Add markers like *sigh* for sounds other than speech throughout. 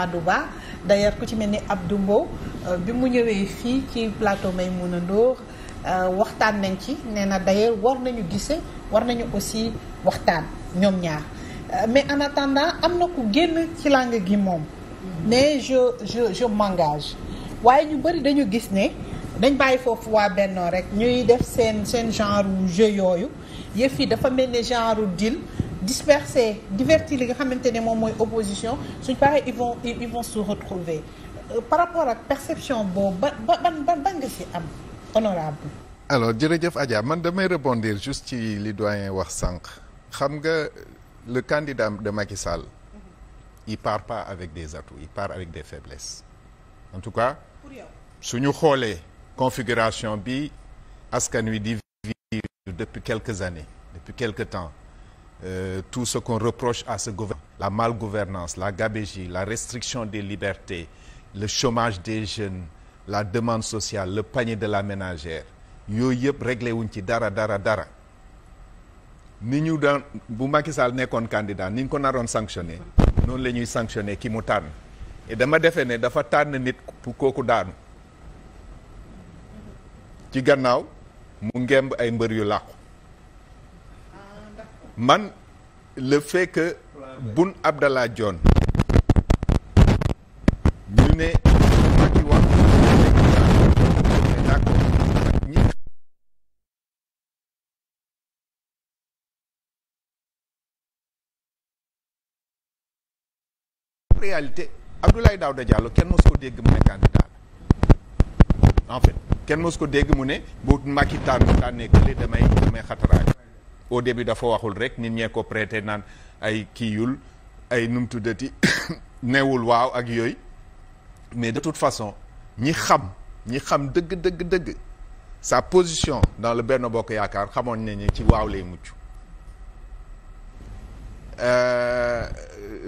Amadou Ba d'ailleurs ku ci mel ni ab Mbow euh, bi mu ñëwee fii ci plateau Maïmouna Ndour euh, waxtaan nañ ci nee na d'ailleurs war nañu gise war nañu aussi waxtaan ñoom ñaar euh, mais en am na ku génn ci langue gi moom mais je je je m'engage waaye ñu bëri dañu gis ne dañ bàyyi foofu waa bennoo rek ñuy def seen seen genre jeu yooyu yëf yi dafa mel ni genre deal disperser divertir li nga xamante ne moom mooy opposition suñ paree ils vont ils retrouver euh, par rapport ak perception boobu ba ba nga si am honorable alors jërëjëf Adja man damay rebondir juste ci li doyen wax sànq xam nga le candidat de Macky Sall il part pas avec des atouts il part avec des faiblesses en tout cas suñu xoolee configuration bi askan wi di vivre depuis quelques années depuis quelques temps euh, tout ce qu'on reproche à ce gouvernement, la malgouvernance, la gabégie, la restriction des liberté le chômage des jeunes, la demande sociale, le panier de la ménagère yooyu yëpp réglé ci dara dara dara ni ñu daan bu Macky Sall nekkoon candidat ni ñu ko naroon sanctionné noonu la ñuy sanctionné ki mu tànn dama defee ne dafa tànn nit pour kooku daanu ci gannaaw mu ngemb ay mbër yu làqu man le fait que Boun Abdallah Dionne ñu ne Macky wax d'accord ñi réalité Abdoulaye Daouda Diallo kenn mos ko dégg mu ne candidat la en kenn mos ko dégg mu ne bu Macky tànn tànnee kële damay damay xataraayu au début dafa waxul rek nit ñee ko prêté naan ay kiiyul ay num tuddati *coughs* newul waaw ak yooyu mais de toute façon ñi xam ñi xam dëgg dëgg dëgg sa position dans le benn Bokk Yaakaar xamoon nañu ci waaw lay mucc euh,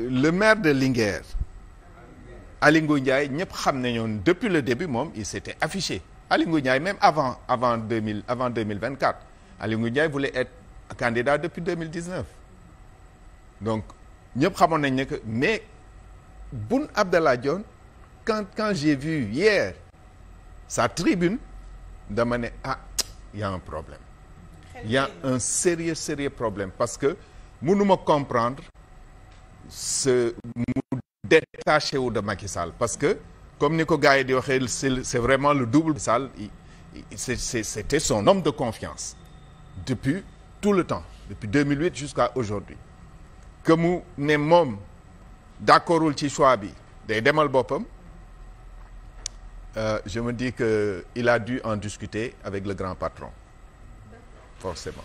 le maire de Linguère Alingou Ndiaye ñëpp xam nañoon depuis le début moom il s'était affiché Alingou Ndiaye même avant avant deux mille avant deux mille vingt-quatre Alingou Ndiaye voulait être candidat depuis 2019 donc ñëpp xamoon nañ ne que mais Boun Abdallah Dionne quand quand j'ai vu hier sa tribune dama ne ah il a un problème il y a un sérieux sérieux problème parce que mënuma comprendre ce mu détaché wu de Macky parce que comme ni ko gars yi di waxee c'est vraiment le double Sall c'est c'était son homme de confiance depuis tout le temps depuis 2008 jusqu'à aujourd'hui que mu ne moom d'accordul ci choix bi day demal boppam euh, je me dis que il a dû en discuter avec le grand patron forcément